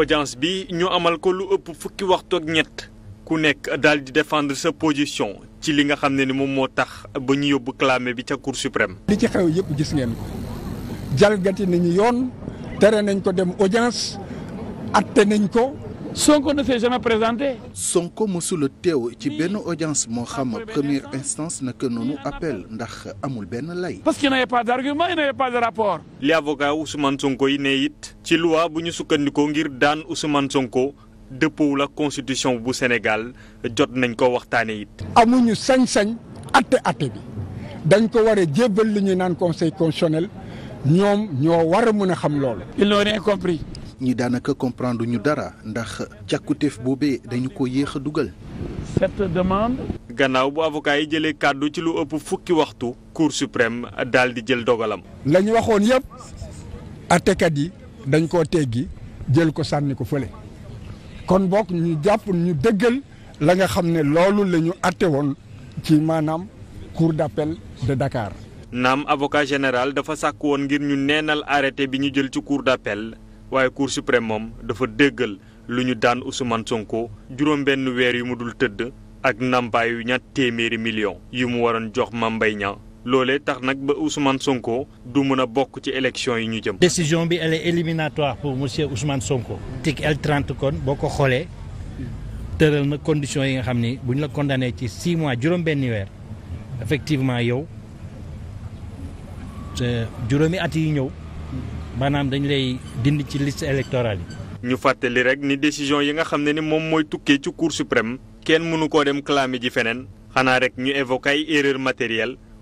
audience bi ñoo amal ko lu ëpp fukki waxtu ak ñett ku nekk daal di défendre sa position ci li nga xam ne ni moom moo tax ba ñu yóbbu clamé bi ca cour suprême. li ci xew yëpp gis ngeen ko jalgati nañu yoon tere nañ ko dem audience atte nañ ko. Sonko ne s'est jamais présenté. Sonko mësula teew ci benn audience moo xam première instance naka noonu appel ndax amul benn lay. parce qu'il n'avait pas d'argument, il n'avait pas de rapport. li avocat Ousmane Sonko yi ne it. ci loi bu ñu sukkandikoo ngir daan Ousmane Sonko dëppoowul ak constitution bu Sénégal jot nañ ko waxtaane it. amuñu sañ-sañ atte atte bi dañ ko war a jébbal li ñuy naan conseil constitutionnel ñoom ñoo war a mën a xam loolu. ils n'ont ñi daanaka comprendre ñu dara ndax càkkutéef boobee dañu ko yéex dugal. cette gannaaw bu avocat yi jëlee kàddu ci lu ëpp fukki waxtu cour suprême daal di jël dogalam. la waxoon yëpp àttekat yi dañ koo teggi jël ko sànni ko fële kon bokk ñu jàpp ñu dëggal la nga xam ne loolu lañu ñu àtte woon ci maanaam cour d'appel de Dakar. naam avocat général dafa sàkk woon ngir ñu neenal arrêté bi ñu jël ci cour d'appel waaye cour suprême moom dafa déggal lu ñu daan Ousmane Sonko juróom benn weer yu mu dul tëdd ak ndàmpaayu ñatt téeméeri million yu mu waroon jox mambay Mbaye Niang tax nag ba Ousmane Sonko du mën a bokk ci élection yi ñu jëm. décision bi elle est éliminatoire pour monsieur Ousmane Sonko. tik L30 kon boo ko xoolee tëral na conditions yi nga xam ni bu ñu la condamné ci 6 mois juróom-benni weer effectivement yow juróomi at yi ñëw. maanaam dañ lay dind ci liste électorale yi. ñu fàttali rek ni décision yi nga xam ne ni moom mooy tukkee ci cour suprême kenn mënu koo dem clamer ji feneen xanaa rek ñu évoqué ay erreur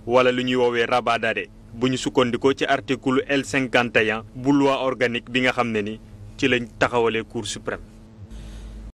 wala lu ñuy woowee rabat d'arrêt bu ñu sukkandiku ci article L yan bu loi organique bi nga xam ne ni ci lañ taxawalee cour suprême.